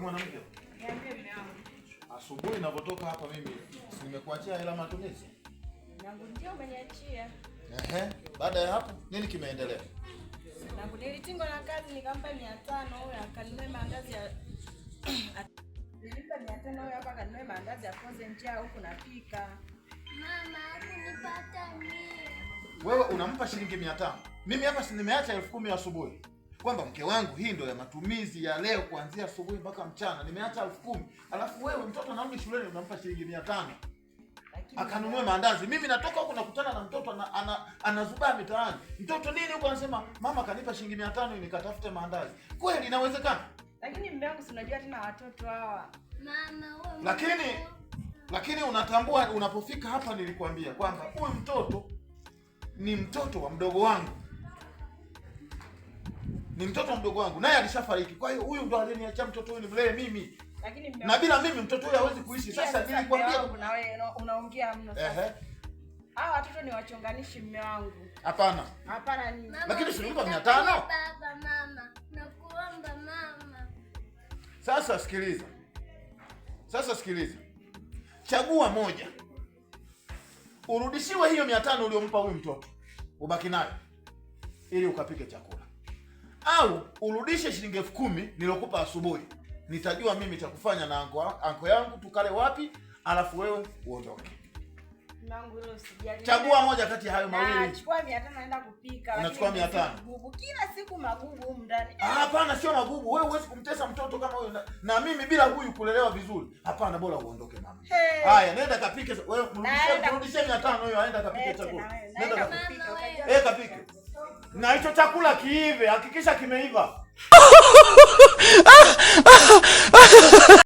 Mwanamke, asubuhi ninapotoka hapa mimi nimekuachia hela matumizi. Ehe, baada ya hapo nini kimeendelea? Nilitingwa na kazi nikampa 500 huyo akaninunua mandazi ya labda konze njia huku napika. Mama, hakunipata mimi. Wewe unampa shilingi 500. Mimi hapa si nimeacha elfu kumi asubuhi. Kwamba mke wangu hii ndio ya matumizi ya leo kuanzia asubuhi mpaka mchana. Nimeacha elfu kumi. Alafu wewe mtoto anarudi shuleni unampa shilingi 500. Akanunue maandazi. Mimi natoka huko nakutana na mtoto ana, ana, anazubaa mitaani. Mtoto nini huko anasema mama kanipa shilingi 500 nikatafute maandazi. Kweli inawezekana? Lakini mume wangu, si unajua tena watoto hawa. Mama wewe. Lakini lakini unatambua, unapofika hapa nilikuambia kwamba huyu mtoto ni mtoto wa mdogo wangu, ni mtoto wa mdogo wangu, naye alishafariki. Kwa hiyo huyu ndo aliniachia mtoto huyu nimlee mimi, na bila mimi mtoto huyu hawezi kuishi. Sasa nilikwambia na wewe unaongea mno sasa. Hawa watoto ni wachonganishi, mume wangu. Hapana, hapana, lakini shilingi mia tano Sasa sikiliza, sasa sikiliza, chagua moja, urudishiwe hiyo mia tano uliyompa huyu mtoto ubaki nayo ili ukapike chakula, au urudishe shilingi elfu kumi nilokupa asubuhi. Nitajua mimi cha kufanya na anko, anko yangu tukale wapi, alafu wewe uondoke. Chagua moja kati ya hayo ah, mawili. Nachukua 500 naenda kupika. Unachukua 500. Magugu kila siku magugu huko ndani. Ah, hapana sio magugu. Wewe huwezi kumtesa mtoto kama huyo na, na mimi bila huyu kulelewa vizuri. Hapana bora uondoke mama. Haya, hey. Nenda kapike. Wewe mrudishie mrudishie 500 huyo aenda kapike chakula. Nenda kapike. Eh, kapike. Na hicho chakula kiive, hakikisha kimeiva.